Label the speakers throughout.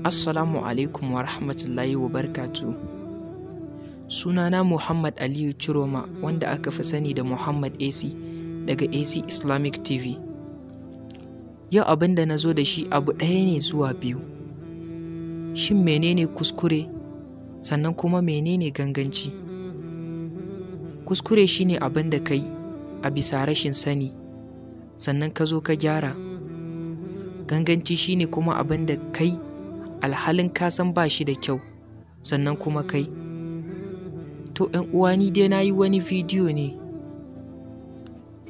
Speaker 1: Assalamu alaikum wa rahmatullahi wa barkatu. Sunana Muhammad Aliyu Chiroma wanda aka fi sani da Muhammad AC daga AC Islamic TV. Yau abin da na zo da shi abu ɗaya ne zuwa biyu. Shin menene kuskure sannan kuma menene ganganci? Kuskure shine abin da kai a bisa rashin sani sannan ka zo ka gyara. Ganganci shine kuma abin da kai alhalin ka san ba shi da kyau sannan kuma kai to ‘yan uwa ni dai na yi wani bidiyo ne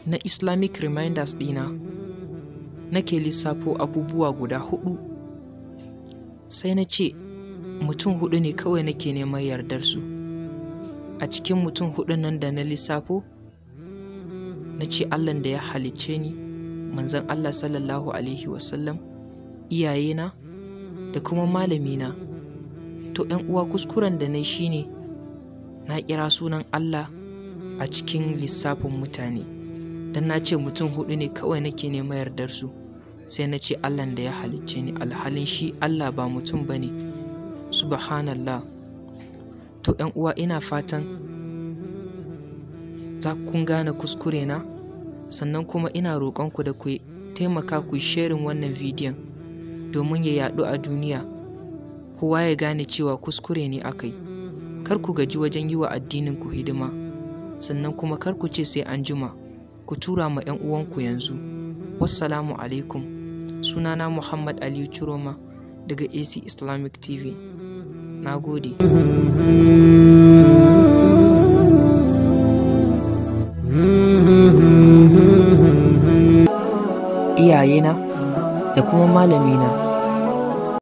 Speaker 1: na islamic reminders dina Na ke lissafo abubuwa guda hudu sai na ce mutum hudu ne kawai nake neman yardar su. a cikin mutum hudu nan da na lissafo na ce Allah da ya halicce ni manzan allah sallallahu alaihi wasallam iyayena da kuma malamina to ‘yan uwa kuskuren da na shi ne na kira sunan Allah a cikin lissafin mutane don na ce mutum hudu ne kawai nake neman yardar su sai na ce Allah da ya halicce ni alhalin shi Allah ba mutum ba ne subhanallah to ‘yan uwa ina fatan za kun gane kuskure na sannan kuma ina roƙonku da ku taimaka ku shirin wannan bidiyon domin ya yaɗu a duniya kowa ya gane cewa kuskure ne aka yi kar ku gaji wajen yi wa addinin ku hidima sannan kuma kar ku ce sai an jima ku tura ma 'yan uwanku yanzu wassalamu alaikum sunana muhammad aliyu chiroma daga ac islamic tv na gode iyayena da kuma malamina